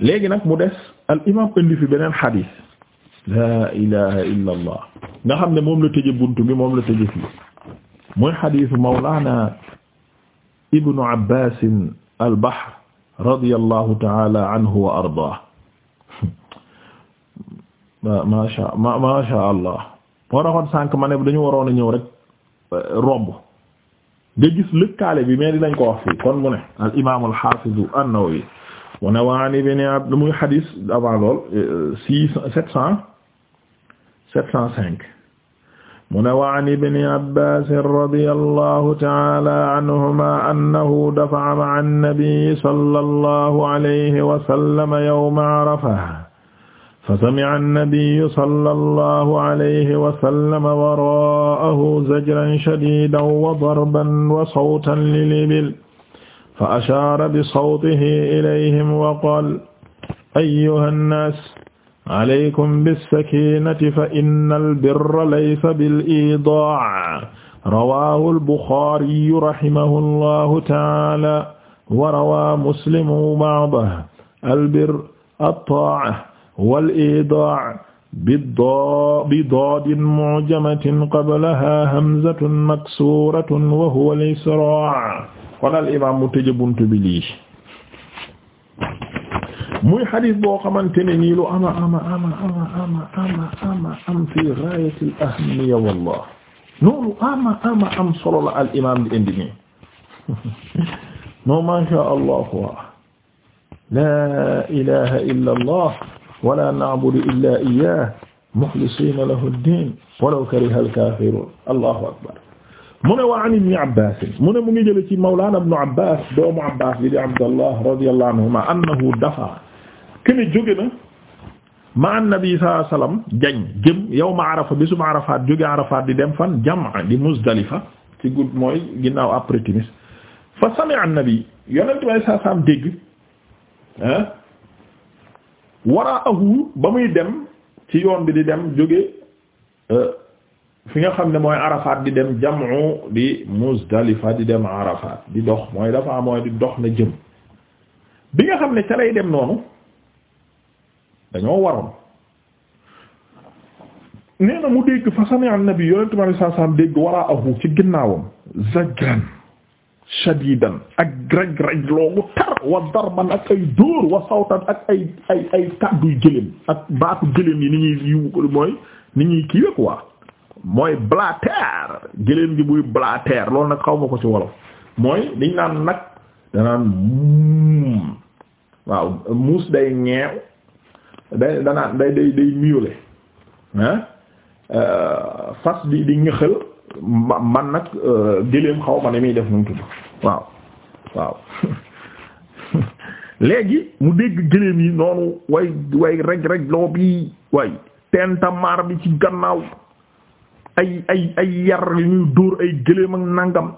léegi nag mu des al imam fi beneen xadis laa ilaha illa nga xam ne moom la tëje buntu bi moom la tëje fii mooy xadisu mawlana ibnu abbas al bahr radiyallahu taala anhu wa ardah ma sha ma sha allah sànq ma ne dañu waroon a ñëw rek euh, romb nga gis lëkkaale bi mais dinañ ko wax fii kon mu ne al imam al hafiz mu ne waa ni bi ne ab muy xadis avant lool euh, six sept cent sept cent cinq mu ne wa an ibni abbasin radi allahu taala aanhuma annahu dafa'a ma'a annabiyi sala allahu alayhi wasallama yowma arafa fa sami'a annabiyu sala allahu alayhi wasallama wara'ahu zajran shadidan wa darban wa sawtan lilibil fa ashaara bi sawtihi ilayhim wa qaala ayyuha nnaas alaykum bissakiinati fa innal birra laysa bil iidaa'i rawaahu al-buxaariyu rahimahu llaahu ta'aalaa wa rawaa muslimu ba'dahu al-birru at-taa'a wal iidaa' bi daadin mu'jamatin qablahaa hamzatun maksuuratun wa huwa al-israa' kon al imam mu tëje buntu bi lii muy xadis boo xamante ne nii lu ama ama ama ama ama ama ama am fi ghayat al ahmiya wallah noonu ama ama am solo la al imam di indi nii non ma sha allah wa la ilaha illa allah wala na'budu illa iyyah mukhlisina lahu ad-din walaw kariha al kafirun allahu akbar mu ne wa an ibni abbas mu ne mu ngi jële ci mawlana ibnu abbas doomu abbas bi di abdallah radiyallahu anhuma annahu dafa kene jóge na ma annabi sallallahu jañ jëm yawma arafa bisuma arafaat jóge arafaat di dem fan jam'a di muzdalifa ci gudd mooy ginnaaw après timis fa sami'a annabi yonent way saa saam dégg ah waraahu ba muy dem ci yoon bi di dem jóge eh, fi nga xam ne mooy Arafat di dem jamu di Muzdalifa di dem Arafat di dox mooy dafa am mooy di dox na jëm bi nga xam ne ca dem noonu dañoo waroon nee mu dégg fa sami'a an-nabi yonentu mi sallallahu alayhi wasallam dégg wara'ahu ci ginnaawam zajran shadidan ak raj raj loogu tar wa darban ak ay dóor wa sawtan ak ay ay ay ak baatu gëléem yi ni ñuy kii wépp waa mooy blater gëléem gi buy blater loolu nag xaw ma ko ci wolof mooy liñ naan nag danaan muum muus day ñeew day danaan day day day miaule ah euh, fas di di ñëxal man nag euh, gëléem xaw ma ne muy def nu mu tudd waaw waaw léegi mu dégg gëléem yi noonu way way reg reg loo bi way tenta maar bi ci gannaaw ay ay ay yar yu ñuy dóor ay gëléem ak nangam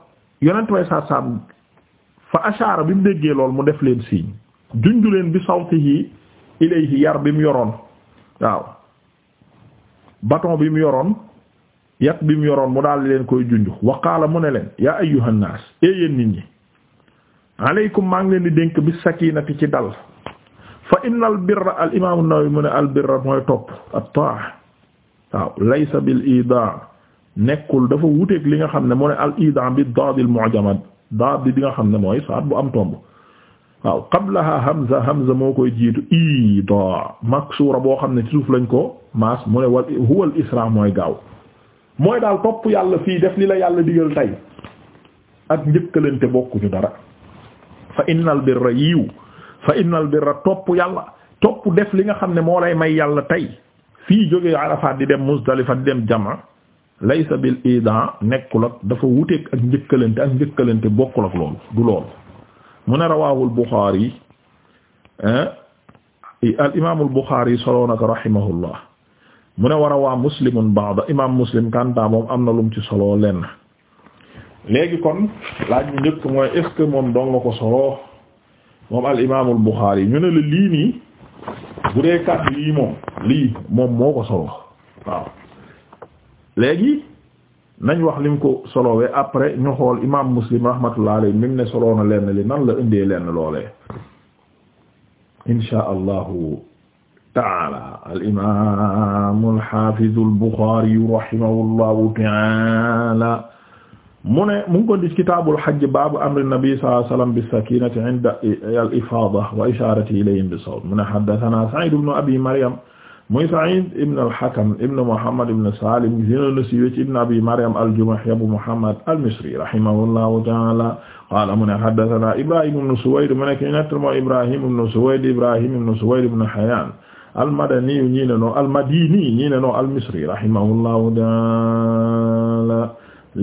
yonent way saa saam fa ashaara bi mu déggee lool mu def leen signe junju leen bi sawtihi ilayhi yar bi mu yoroon waaw bâton bi mu yoroon yat bi mu yoroon mu daal leen koy junju wa mu ne leen yaa ayyuhan naas ee nit ñi aleykum maa ngi leen di dénk bi sakinati ci dal fa inna al birra al imaamu Nawawi mu ne al mooy topp at-ta'a waaw laysa bil idaa nekkul dafa wuteeg li nga xam ne mu ne al idan bi daadil mu'jamad daad di nga xam ne mooy saat bu am tomb waaw qablaha hamza hamza moo koy jiitu ida maksura boo xam ne ci suuf lañ ko maas mu ne wal huwa al mooy gaaw mooy daal topp yàlla fii def li la yàlla digal tey ak njëkkalante bokkuñu dara fa innal birra yiw fa innal birra topp yàlla topp def li nga xam ne moo lay may yàlla tey fii jógee Arafat di dem Muzdalifa di dem jama laysa bil idan nekkul ak dafa wuteeg ak njëkkalante ak njëkkalante bokkul ak loolu du loolu mu ne rawaahul Buxaari al imaamul Buxaari soloo na ko rahimahullah mu ne war a waa muslimun ba'da imaam muslim kanta moom am na lum ci soloo lenn léegi kon laaj bu njëkk mooy est moom doon nga ko soloo moom al imaamul Buxaari ñu ne la lii nii bu dee kàddu yii moom lii moom moo ko soloo waaw. léegi nañ wax lim ko solowee après ñu xool imaam muslim rahmatullah alayhi mi ne soloo na lenn li nan la indee lenn loolee insha allahu taala al imaamu al xaafizu al buxaari rahimahullahu taala mu ne mu ngi ko dis kitaabul hajj baabu amri nabi sallallahu alayhi wa sallam bis-sakiinati inda al-ifaada wa ishaarati ilayhim bis-sawt mu ne haddathanaa Sa'iid ibnu Abi Maryam muy Sa'id ibn al-Hakam ibn Muhammad ibn Salim gënoon na siiwee ci ibn Abi Maryam al-Jumahi Abu Muhammad al-Misri rahimahullahu ta'ala qaala mu ne haddathana Ibrahim ibn Suwayd mu nekk ñu nekk mooy Ibrahim ibn Suwayd Ibrahim ibn Suwayd ibn Hayyan al-Madani ñii ne noo al-Madini ñii ne noo al-Misri rahimahullahu ta'ala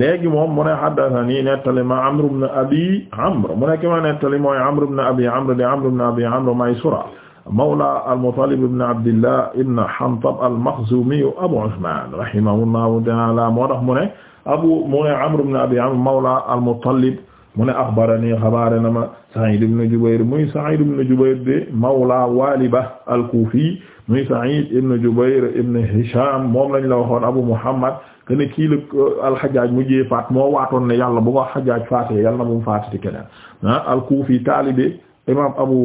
léegi moom mu ne haddathani nettali ma Amr ibn Abi Amr mu nekk ma nettali mooy Amr ibn Abi Amr di Amr ibn Abi Amr Maysura mawla al-Muttalib ibn Abdillah ibn Hantab al-Makhzumi Abu Usman rahimahullahu ta'ala moo tax mu ne abu mu ne Amr ibn Abi Amr mawla al-Muttalib mu ne axbarani xabaare na ma Sa'id ibn Jubayr muy Sa'id ibn Jubayr de mawla Waliba al-Kufi muy Sa'id ibn Jubayr ibn Hisham moom lañ la waxoon Abu Muhammad kene kii la euh, al-Hajjaj mujjee faat moo waatoon ne yàlla bu ko Hajjaj faatee yàlla na bu mu faatati keneen ah al-Kufi taalibe imaam abu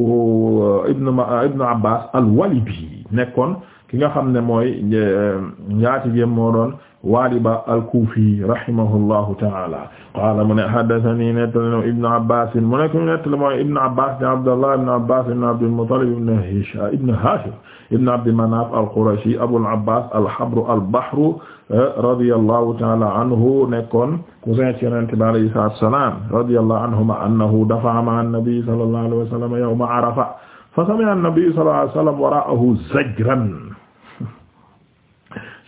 euh, ibn euh, ibn abbas al-Walibi nekkoon ki nga xam ne mooy njaati euh, jéem moo doon waaliba al-Kuufi rahimahullahu ta'ala qaala mu ne haddathanii nettali ibn Abbaas mu nekk nettali mooy ibn Abbaas ibn Abdallah ibn Abbaas ibn Abdul Muttalib ibn Hishaam ibn Haashim ibn Abdi Manaaf al-Qurashi Abul Abbaas al-Habru al-Bahru eh, radiyallahu ta'ala anhu nekkoon cousin ci Yonent bi alayhi salaatu wa salaam radiyallahu anhumaa annahu dafa'a ma'a an-nabi sallallahu alayhi wa sallam yawma Arafa fa sami'a an-nabi sallallahu alayhi wa sallam waraa'ahu zajran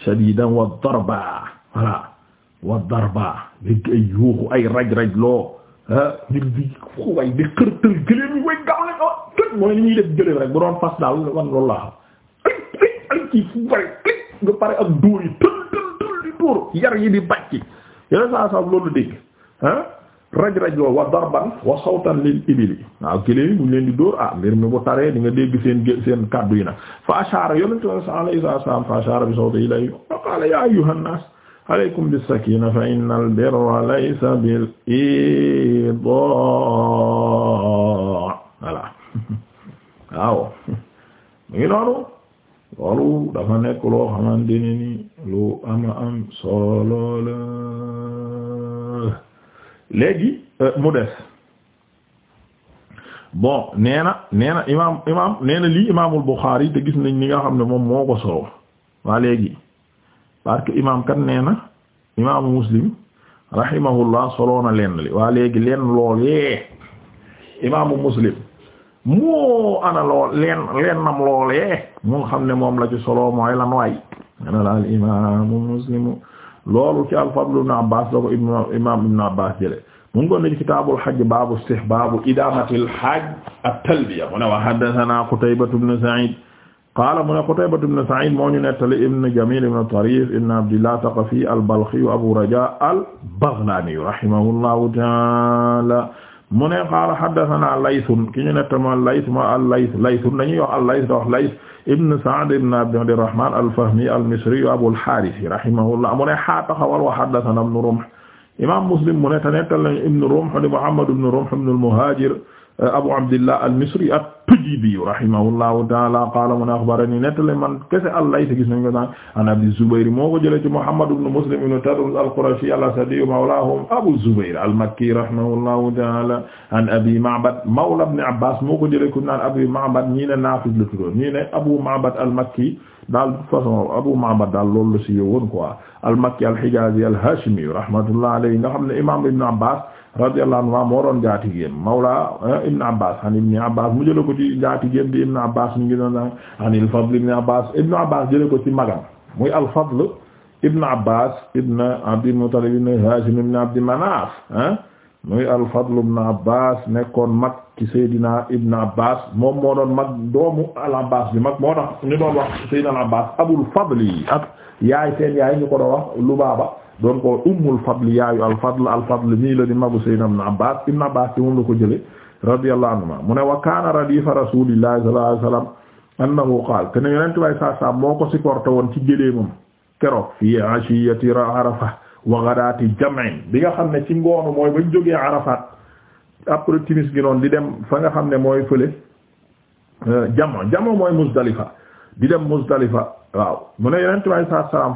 shadidan wa darba voilà wa darba léegi ay raj-raj loo ngir di way di xërtël gëléem yi way gaaw la awa ah, mooy ni ñuy de gëléem rek bu doon fas daal wan loolu laa xam ay ay ci fu bari nga pare ak dóor yi tël tël tël di dóor yar yi di bàcc yooyu saa saa loolu dégg ah raj-raj wa wa darban wa sawtan lil ibili waaw giléem yi buñ leen di dóor ah, mi bu taree di nga seen kaddu yi fa ashara yonentu alayhi salaam fa ashara bi sawti ilay wa qala ya ayyuhan nas alaykum sakina fa innal birra laysa bil idaa voilà waaw mu ngi noonu loolu dafa nekk loo xamante ne ni lu ama am solo léegi euh, mu des bon nee na nee na imaam imaam nee na lii imaamul Buxaari te gis nañ ni nga xam ne moom moo ko solo waa léegi parce imaam kat nee na imaamu Muslim rahimahullah solo na leen li waa léegi lenn loolee imaamu Muslim moo ana lool lenn lennam loolee mu nga xam ne moom la ci solo mooy lan waay ana la al imaamu Muslim loolu ci al-Fadl ibn Abbas la ko imam ibn Abbas jële mu ngi doon ci kitaabul hajj baabu istihbaabu idaamatil hajj at-talbiya mu ne wa haddathanaa Qutaybatu ibn Sa'iid qaala mu ne Qutaybatu ibn Sa'iid moo ñu nettali ibn Jamiil ibn Tariif ibn Abdillah Thaqafi al-Balkhi Abu Rajaa al-Baghlaani rahimahullahu ta'aala mu ne qaala haddathana laythun ki ñu nettama layth ma al-layth laythun dañuy wax al-layth da wax layth ibn sa'd ibn abdirrahman al-fahmi al-misri yu abul harith rahimahullah mu ne xaa taxawal wa haddathana ibn rumh imam muslim mu ne te nettal nañu ibn rumh di muhammad ibn rumh ibn al-muhajir abu abdillah al-misri at-Tujibi rahimahullahu ta'ala qala mu ne akhbarani nettale man kese àllay te gis nañ ko san an Abi Zubayr moo ko jële ci Muhammad ibn Muslim ibn Tabruz al-Qurashi al-Asadi mawlahum Abu Zubayr al-Makki rahimahullahu ta'ala an Abi Ma'bad mawla ibn Abbas moo ko jële ku naan Abi Ma'bad ñii ne Nafi' la tuddoon ñii ne Abu Ma'bad al-Makki daal de toute façon Abu Ma'bad daal loolu la ci yowoon quoi al-Makki al-Hijazi al-Hashimi rahmatullahi alayhi nga xam ne imam Ibn Abbas radiyallahu anhu moo doon jaatigeem mawla eh, ibn abbas an ibn abbas mu jële ko ci jaatigeem bi ibn abbas mu ngi doon an il jële ko ci magam muy al fadl ibn abbas ibn abdil muttalib ibn hashim ibn abdi manaf eh, muy al fadl ibn abbas nekkoon mag ci seydina ibn abbas moom moo doon mag doomu al abbas bi mag moo tax ñu doon wax seydina al abbas abul fadli yaay seen yaay ñu ko doon wax lubaaba doon ko ummul fadl yaayu alfadl alfadl nii la di magu sayyidina ibn abbas ibn abbas ci moom la ko jële radiyallahu anhuma mu ne wa kaana radifa rasulillahi sallallahu alayhi wasallam annahu qaal te ne yonent bay saa saa moo ko supporté woon ci géléemam keroog fii ashiyati arafa wa ghadati bi nga xam ne ci ngoonu mooy bañ jógee après timis gi noonu di dem fa nga xam ne mooy fële euh, jamo jamo mooy muzdalifa di dem muzdalifa waaw mu ne yonent bay saa saa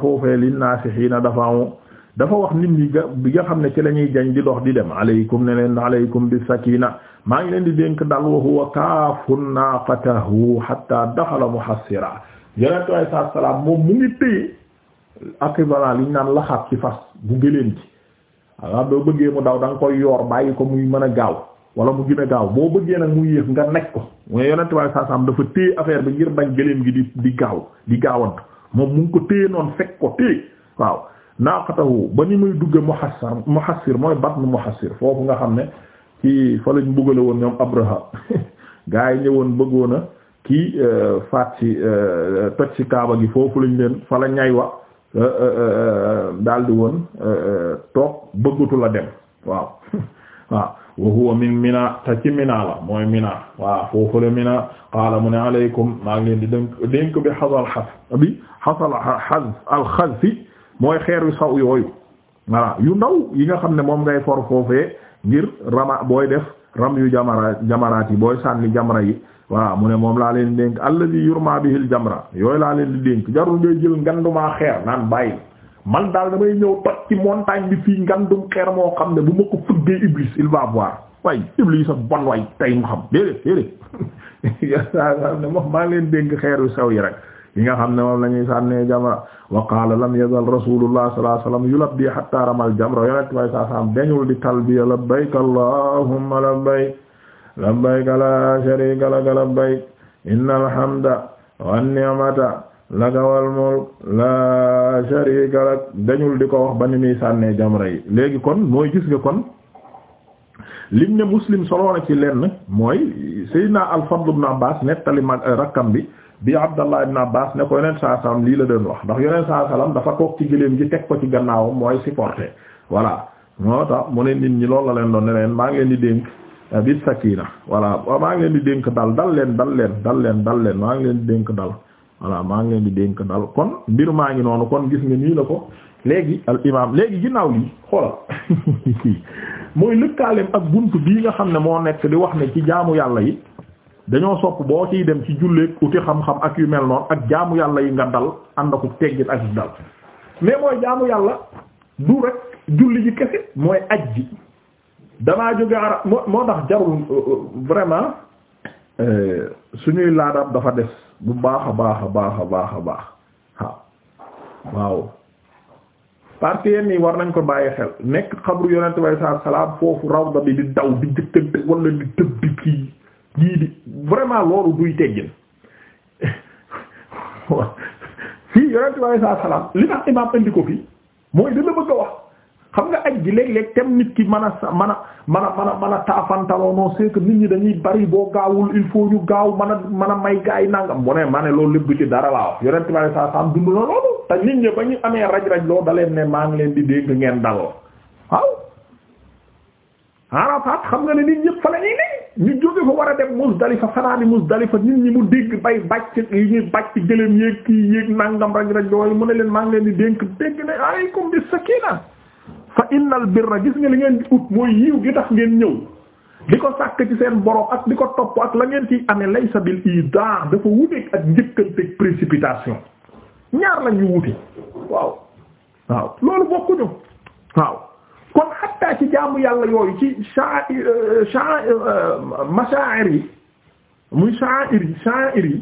dafa wax nit ñi ga bi nga xam ne ci la ñuy jañ di dox di dem aleykum ne leen aleykum bi sakina maa ngi leen di dénk dal wa huwa kaafu naaqatahu hatta daxala muhassira yonentu alei saatu salaam moom mu ngi téye équivalent liñ naan laxaat ci fas bu ngëleen ci waaw doo bëggee mu daw da nga koy yoor bàyyi ko muy mën a gaaw wala mu gën a gaaw boo bëggee nag mu yéex nga nekk ko mooy yonentu alei saatu salaam dafa téye affaire bi ngir bañ gëléem gi di di gaaw di gaawantu moom mu ko téye noonu naaqatahu ba ni muy dugg muhassir muhassir mooy batn muhassir foofu nga xam ne ci fa lañ bëggale woon ñoom abraha gaa yi ñëwoon bëggoon a kii euh, faat si euh, toj ci kaaba gi foofu lañ leen fa la ñay wax euh, daldi woon toog bëggatu la dem waaw waaw wa huwa min mina te ci mina la mooy mina waaw foofu la mina qaala mu ne maa ngi leen di dénk dénk bi xasal xas bi xasal xas alxas fi mooy xeer yu saw yooyu voilà yu ndaw yi nga xam ne moom ngay for foofee ngir rama booy def ram yu jamara jamaraat yi booy sànni jamra yi voilà mu ne moom laa leen dénk alladhi yurma bihil jamra yooyu laa leen di dénk jarul ngay jël ngandumaa xeer naan bàyyi man daal damay ñëw toj ci montagne bi fii ngandum xeer moo xam ne bu ma ko fëggee iblis il va voir way iblis sa bon way tay mu xam déedéet déedéet moom maa leen dénk xeer yu saw yi rek yi nga xam ne moom la ñuy sànnee jamra wa qaala lam yazal rasulullah sallallahu alayhi wasallam yulabbi hatta ramal jamra yonent way saa dañul di talbiya labbayk allahumma labbayk labbayk la sharika laka labbayk innal hamda wan ni'mata laka wal mulk la sharika lak dañul di ko wax ba ni muy sànnee jamra yi léegi kon mooy gis nga kon lim ne muslim soloona ci lenn mooy sayyidina al-Fadl ibn nettali mag rakkam bi bi Abdallah ibn Abbas ne ko yonent saa salaam lii la doon wax ndax yonent saa salaam dafa toog ci gëléem gi teg ko ci gannaawam mooy supporter voilà moo tax mu ne nit ñi loolu la leen doon ne leen maa ngi leen di dénk eh, bi sakina voilà maa ngi leen di dénk dal dal leen dal leen dal leen dal leen maa ngi leen di dénk dal voilà maa ngi leen di dénk dal kon mbir maa ngi noonu kon gis nga nii la ko léegi al imaam léegi ginnaaw lii xoolal mooy lëkkaaleem ak bunt bii nga xam ne moo nekk di wax ne ci jaamu yàlla yi dañoo sopp boo ciy dem ci julleeg uti xam-xam ak yu mel noonu ak jaamu yàlla yi nga dal ànd ak teggin ak dal mais mooy jaamu yàlla du rek julli ji kese mooy aj ji damaa jóge arab moo tax jarul euh, euh, vraiment euh, suñuy laadab dafa des bu baax a baax a baax a baax a baax waaw waaw parce que war nañ ko bàyyi xel nekk xabru yonent bi sallallahu alayhi wasallam foofu rawda bi di daw di jëkkante wala di tëb di kii gii di vraiment loolu duy teggin fii yonent bi alayhi salaatu salaam li tax imaam indi ko fi mooy dina bëgg a wax xam nga aj gi léeg-léeg tem nit ki man a sa mën a mën a mën a mën a taafantaloo non c'est que ñi dañuy bari boo gaawul il faut ñu gaaw mën a a may gaa yi nangam bu ma ne loolu lépp du ci dara laa wax yonent bi alayhi salaatu salaam dund loolu te nit ñi ba ñu amee raj-raj loo da ne maa ngi leen di dégg ngeen daloo waaw. Arafat xam nga ne nit ñëpp fa la ñuy ne ñu jóge fa war a dem Muzdalifa fanaani Muzdalifa nit ñi mu dégg bay bàcc yi ñuy bàcc gëléem yéeg kii yéeg nangam raj raj yooyu mu ne leen maa ngi leen di dénk dégg ne alaykum bis sakina fa innal birra gis nga li ngeen di ut mooy yiw gi tax ngeen ñëw di ko sàkk ci seen borom ak di ko topp ak la ngeen ciy amee laysa bil idaa dafa wuteeg ak njëkkanteeg précipitation ñaar la ñu waaw waaw loolu bokkuñu waaw kon xatta ci jaamu yàlla yooyu ci sha euh, sha euh, mashaa'ir yi muy sha'ir yi sha'ir yi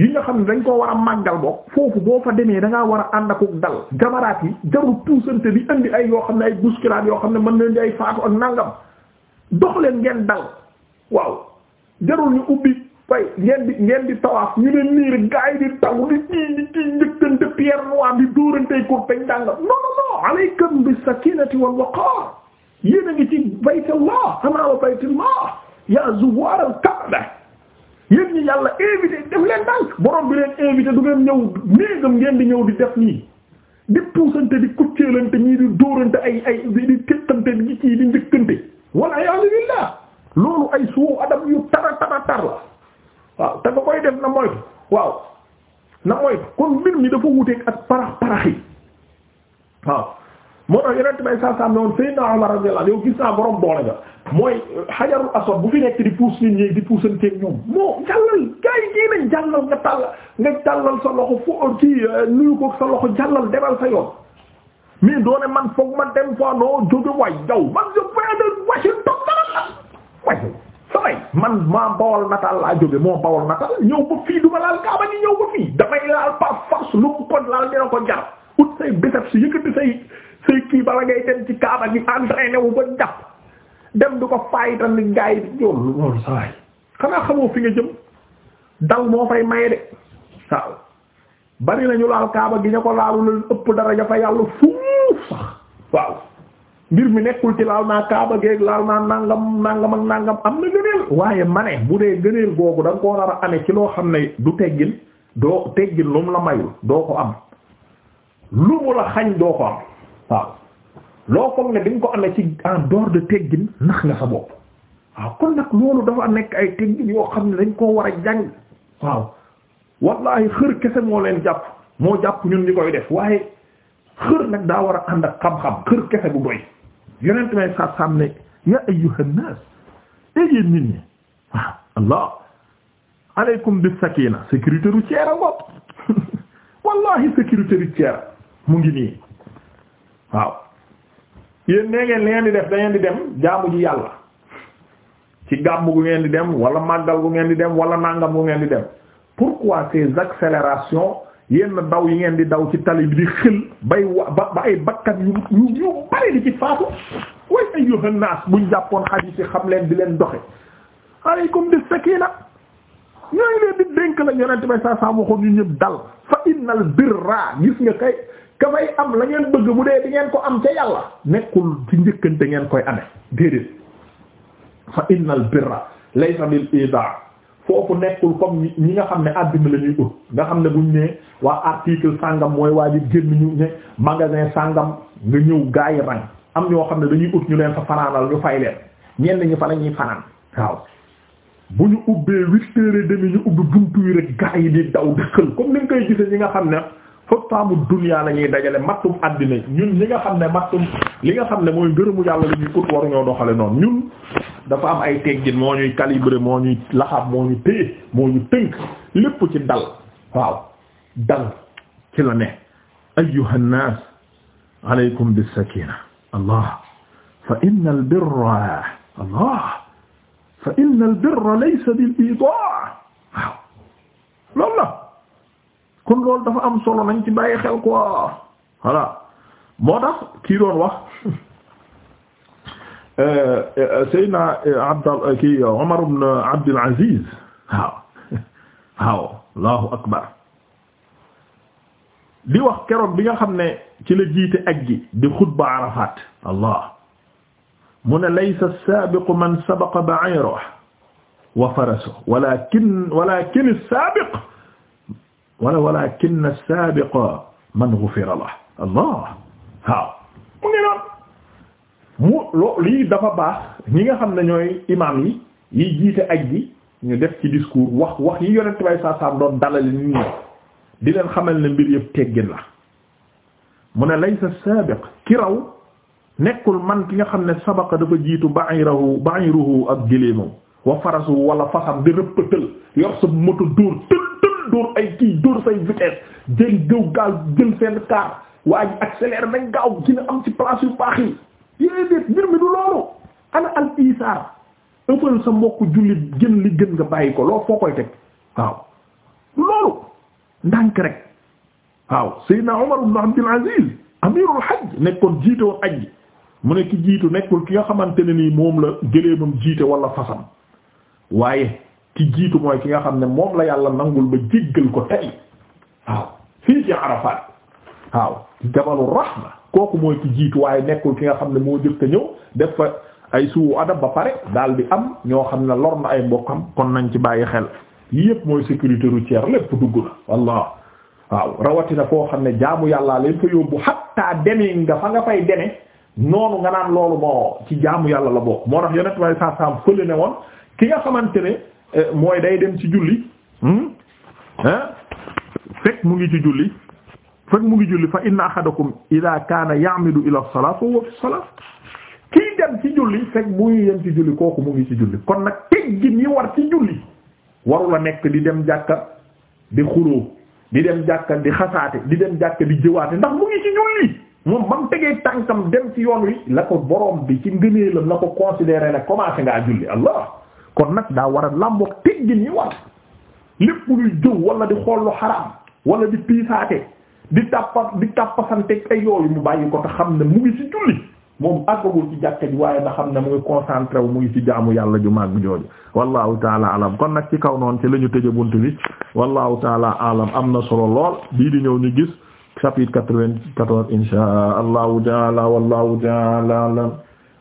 yi nga xam ne dañ koo war a màggal boog foofu boo fa demee da ngaa war a ànd akuk dal jamaraat yi jarul tuusante bi indi ay yoo xam ne ay bousculade yoo xam ne mën leen di ay faatu ak nangam dox leen ngeen dal waaw jarul ñu ubbi way ngeen di ngeen di tawaaf ñu ne niir gaa yi di taw di kii di kii njëkkante pierre noire di dóorantey ko dañ dàngam non non non alaykum bi sakinati wal waqar yéen a ngi ci baytullah amaama baytullah ya zuwar al kaaba yéen ñi yàlla invité def leen daal borom bi leen invité du ngeen ñëw néegam ngeen di ñëw di def nii di puusante di kucceelante ñii di dóorante ay ay di tëkkante di kii di njëkkante wala yaa billah loolu ay suu adab yu tara tara tar la waaw te nga koy def na moytu waaw na moytu kon mbir mi dafa wuteeg ak parax parax yi waaw moo tax yeneen bay saa saa ne woon Seydina Umar radiyallahu anhu yow gis naa boroom doole nga mooy xajarul aswad bu fi nekk di puus nit ñi di puusanteeg ñoom moo jàllal gars yi gii nañ jàllal nga tàll nga jàllal sa loxo fo euh, nuyu ko sa loxo jàllal demal sa yoon. mais doone man foog ma dem foo noo jóge waay daw man de voyage de Washington dara la waaye. samay man maa bawal nataal laa jóge moo bawal nataal ñëw ba fii du laal kaaba ni ñëw ba fii damay laal par lu mu ko laal dina ko jar ut say biceps si yëkkati say say kii bala ngay dem ci kaaba gi entraîné ba jàpp dem du ko faay tan ni gaay yi loolu loolu sawaay xanaa xamoo fi nga jëm dal moo fay maye de waaw bari nañu laal kaaba gi ña ko laalu leen ëpp dara ja fa yàlla fuuf sax waaw mbir mi nekkul ci laal naa kaaba geeg laal naa nangam nangam ak nangam am na gëneel waaye ma bu dee gëneel googu da nga koo nar a amee ci loo xam ne du teggin doo teggin lu mu doo ko am lu mu la xañ doo ko am ne ko amee ci en dehors de sa bopp waaw kon nag loolu dafa nekk ay teggin yoo xam ne dañ koo war a jàng waaw wallahi xër kese moo leen jàpp moo jàpp ñun ñi koy def waaye xër nag daa war a ànd ak xam-xam xër kese bu doy yeneen may sax saam ne ya ayyuhan nas eh yéen nit ñi allah aleykum bis sakina sécurité routière a ngopp wallahi sécurité routière mu ngi nii waaw yéen nee ngeen li di def da ngeen di dem jaamu ji yàlla ci gàmm gu ngeen di dem wala màggal gu ngeen di dem wala nangam gu ngeen di dem pourquoi ces accélérations yenn daw yi ngeen di daw ci tali bi di xël bay ba ba ay bakkat yu yu yu bari di ci faatu way ayyuhan naas buñ jàppoon xadiis xam leen di leen doxe alaykum bis sakina ñooy la yonente bay saa saa waxoon ñu ñëpp dal fa innal birra gis nga kay ka am la ngeen bëgg mu dee di ngeen ko am ca yàlla nekkul ci njëkkante ngeen koy amee déedéet fa innal birra laysa bil idaa foofu nekkul comme ñi nga xam ne àddina la ñuy ut nga xam ne bu buñ ne waa article sàngam mooy waa ji génn ñu ne magasin sàngam nga ñëw gaa yi rang am ñoo xam ne dañuy ut ñu leen fa fanaanal ñu fay leen ñenn ñi fa la fanaan waaw bu ñu ubbee huit heures et demie ñu ubbi buntu yi rek gaa di daw dëkkal comme li nga koy gisee ñi nga xam ne xotaamu dunya la ñuy dajale mattum àddina ñun ñi nga xam ne mattum li nga xam ne mooy ngërëmu yàlla la ñuy ut waruñoo doxale noonu ñun dafa am ay teggin moo ñuy calibré moo ñuy laxab moo ñu téye moo ñu tënk lépp ci dal waaw dal ci la ne ayyuha nnaas alaykum bis-sakina allah fa inna al allah fa inna al-birra laysa bil waaw loolu la kon loolu dafa am solo nañ ci bàyyi xel quoi voilà moo tax kii doon wax euh, Seydina Abdal kii Omar ibn Abdul Aziz waaw waaw Allahu akbar di wax keroog bi nga xam ne ci la jiite aj gi di xutba Arafat Allah mu ne laysa as-saabiqu man sabaqa ba'iruhu wa farasuhu walakin walakin as-saabiq wala walakinna as-saabiqa man ghufira lah allah waaw mu ngi noonu mu loo lii dafa baax ñi nga xam ne ñooy imaam yi yiy jiite ak gi ñu def ci discours wax wax yi yonent bay saa doon dalali nit di leen xamal ne mbir yëpp teggin la mu ne laysa saabiq ki raw nekkul man ki nga xam ne sabaqa dafa jiitu ba'irahu ba'iruhu ak géléemam wa farasuhu wala fasam di rëppatal yor sa moto dóor tël dóor ay kii dóor say vitesse jël gëw gaaw jël seen car waaye accéléré nañ gaaw dina am ci place yu baax yi yéen mbir mi du loolu ana al isaar ëppal sa mbokku jullit gën li gën nga bàyyi ko loolu foo koy teg waaw loolu ndànk rek waaw Seydina Umar ibn Abdul Aziz amirul hajj nekkoon jiite woon mu ne ki jiitu nekkul ki nga xamante ne nii moom la gëleemam jiite wala fasam waaye ki jiitu mooy ki nga xam ne moom la yàlla nangul ba jéggal ko tey waaw fii ci Arafat waaw jabalu rahma kooku mooy ki jiitu waaye nekkul ki nga xam ne moo jëkk a ñëw def fa ay suu adab ba pare daal bi am ñoo xam ne lor na ay mbokkam kon nañ ci bàyyi xel yii yëpp mooy sécurité routière lépp dugg na wallah waaw rawatina foo xam ne jaamu yàllaa leen fa yóbbu xattaa deme nga fa nga fay deme noonu nga naan loolu moo ci jaamu yàlla la bokk moo tax yonent way Eh, mooy day dem ci julli ah fekk mu ngi ci julli fekk mu ngi julli fa inna ahadakum ida kaana ya'midu ila mu ngi ci julli kon nag teggin nekk di dem jàkka di xuloo di dem di xasaate di di jëwaate ndax mu ci yoon wi la ko borom allah kon nag daa war a làmboog teggin yi war lépp luy jëw wala di xool lu xaraam wala di piisaate di tàppa di tàppasanteeg ay yooyu mu bàyyi ko te xam ne mu ngi ci julli moom àggagul ci jàkka ji waaye na xam ne mu ngi concentré wu mu ngi ci jaamu yàlla ju màgg jooju wallahu taala alam kon nag ci kaw noonu ci la ñu tëje bunt bi wallahu taala alam am na solo lool bii di ñëw ñu gis chapitre quatre-vingt-quatorze insha allahu taala wallahu taala alam